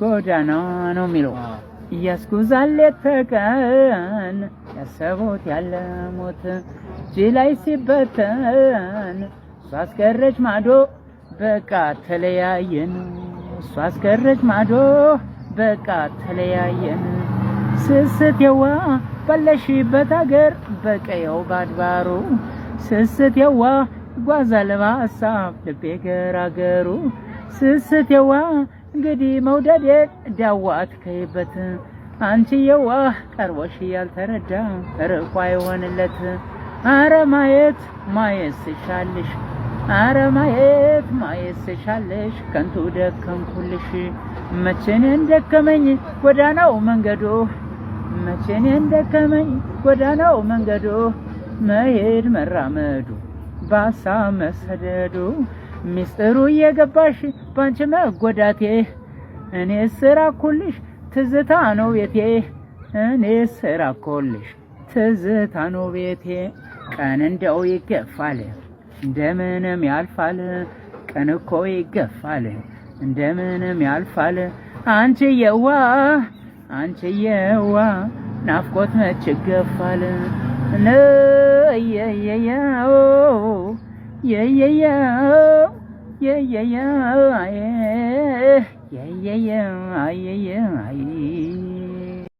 ጎዳና ነው የሚለው። እያስጉዛል ተቀን ያሰቦት ያለ ሞት እጅ ላይ ሲበተን እሷ ማዶ በቃ ተለያየን። እሷ ማዶ በቃ ተለያየን። ስስት የዋ ባለሽበት አገር በቀየው ባድባሩ የዋ ጓዝ አልባ ሀሳብ ልቤ ገራገሩ ስስቴዋ እንግዲህ መውደዴ ዳዋ አትከይበት አንቺ የዋህ ቀርቦሽ ያልተረዳ ርቆ አይሆንለት። አረ ማየት ማየት ስሻልሽ አረ ማየት ማየት ስሻልሽ ከንቱ ደከምኩልሽ። መቼን እንደከመኝ ጎዳናው መንገዱ መቼን እንደከመኝ ጎዳናው መንገዱ መሄድ መራመዱ ባሳ መሰደዱ ሚስጥሩ እየገባሽ ባንቺ መጎዳቴ እኔ ስራ ኩልሽ ትዝታ ነው ቤቴ እኔ ስራ ኩልሽ ትዝታ ነው ቤቴ ቀን እንደው ይገፋል እንደምንም ያልፋል ቀን እኮ ይገፋል እንደምንም ያልፋል አንቺ የዋ አንቺ የዋ ናፍቆት መች ይገፋል yeah, yeah, yeah, oh, yeah, yeah, yeah, oh, yeah, yeah, yeah, oh, yeah, yeah, yeah, yeah, yeah, yeah, yeah, yeah, yeah, yeah, yeah, yeah,